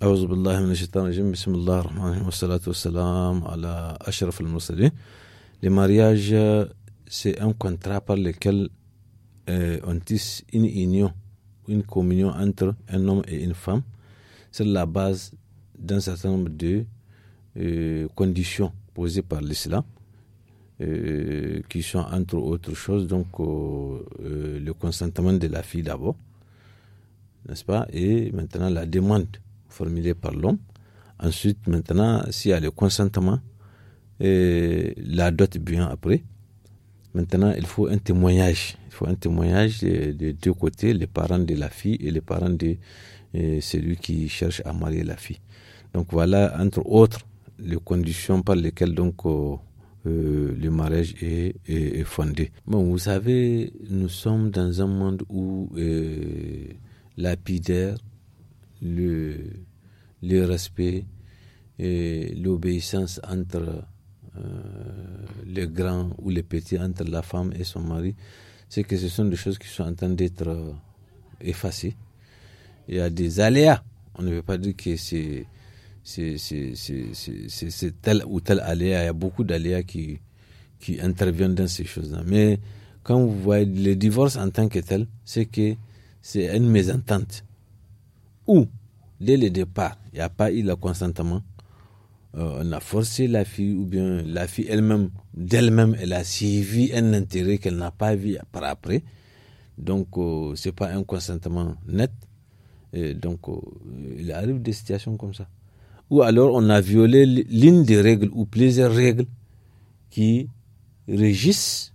les mariages Le mariage, c'est un contrat par lequel euh, on tisse une union, une communion entre un homme et une femme c'est la base d'un certain nombre de euh, conditions posées par l'islam, euh, qui sont entre autres choses, donc le consentement de la fille d'abord, n'est-ce pas, et maintenant la demande formulé par l'homme. Ensuite, maintenant, s'il y a le consentement, et la dot bien après. Maintenant, il faut un témoignage. Il faut un témoignage des deux côtés, les parents de la fille et les parents de celui qui cherche à marier la fille. Donc voilà, entre autres, les conditions par lesquelles donc euh, euh, le mariage est, fondé. Bon, vous savez, nous sommes dans un monde où euh, lapidaire, le le respect et l'obéissance entre euh, les grands ou les petits, entre la femme et son mari, c'est que ce sont des choses qui sont en train d'être euh, effacées. Il y a des aléas. On ne veut pas dire que c'est tel ou tel aléa. Il y a beaucoup d'aléas qui, qui interviennent dans ces choses-là. Mais quand vous voyez le divorce en tant que tel, c'est que c'est une mésentente. Ou dès le départ, il n'y a pas eu le consentement. Euh, on a forcé la fille, ou bien la fille elle-même, d'elle-même, elle a suivi un intérêt qu'elle n'a pas vu par après. Donc, euh, ce n'est pas un consentement net. Et donc, euh, il arrive des situations comme ça. Ou alors, on a violé l'une des règles ou plusieurs règles qui régissent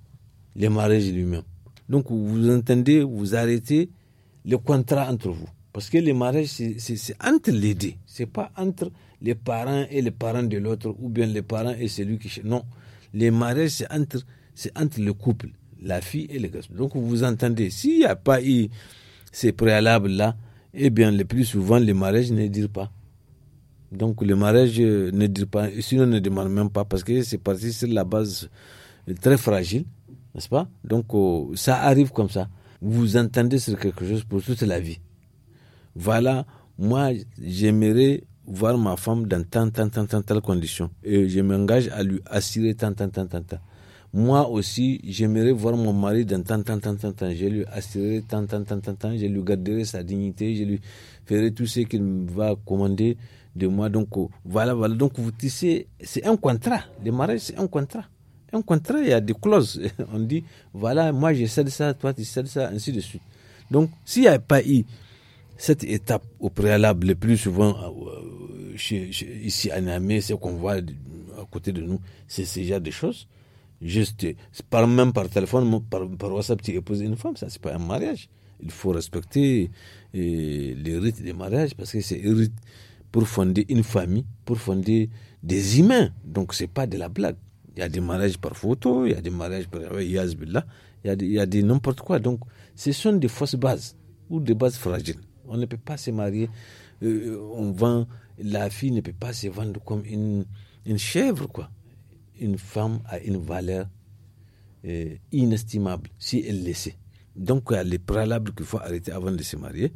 les mariage lui-même. Donc, vous entendez, vous arrêtez le contrat entre vous. Parce que le mariage, c'est entre les deux. Ce n'est pas entre les parents et les parents de l'autre, ou bien les parents et celui qui... Non, le mariage, c'est entre, entre le couple, la fille et le garçon. Donc, vous entendez, s'il n'y a pas eu ces préalables-là, eh bien, le plus souvent, le mariage ne dure pas. Donc, le mariage euh, ne dure pas, sinon ne demande même pas, parce que c'est parti sur la base euh, très fragile, n'est-ce pas Donc, oh, ça arrive comme ça. Vous entendez sur quelque chose pour toute la vie voilà, moi, j'aimerais voir ma femme dans tant, tant, tant, tant, telle condition. Et je m'engage à lui assurer tant, tant, tant, tant, tant. Moi aussi, j'aimerais voir mon mari dans tant, tant, tant, tant, tant. Je lui assurerai tant, tant, tant, tant, tant. Je lui garderai sa dignité. Je lui ferai tout ce qu'il va commander de moi. Donc, voilà, voilà. Donc, vous tissez, c'est un contrat. Le mariage, c'est un contrat. Un contrat, il y a des clauses. On dit, voilà, moi, je cède ça, toi, tu cèdes ça, ainsi de suite. Donc, s'il n'y a pas eu cette étape au préalable, le plus souvent euh, ici à Namé ce qu'on voit à côté de nous, c'est ce genre de choses. Juste, par, même par téléphone, par, WhatsApp, tu épouses une femme, ça, c'est pas un mariage. Il faut respecter les rites des mariages parce que c'est pour fonder une famille, pour fonder des humains. Donc, c'est pas de la blague. Il y a des mariages par photo, il y a des mariages par Yazbillah, il y a des n'importe quoi. Donc, ce sont des fausses bases ou des bases fragiles. On ne peut pas se marier. Euh, on vend, la fille ne peut pas se vendre comme une, une chèvre, quoi. Une femme a une valeur euh, inestimable si elle le sait. Donc, les préalables qu'il faut arrêter avant de se marier,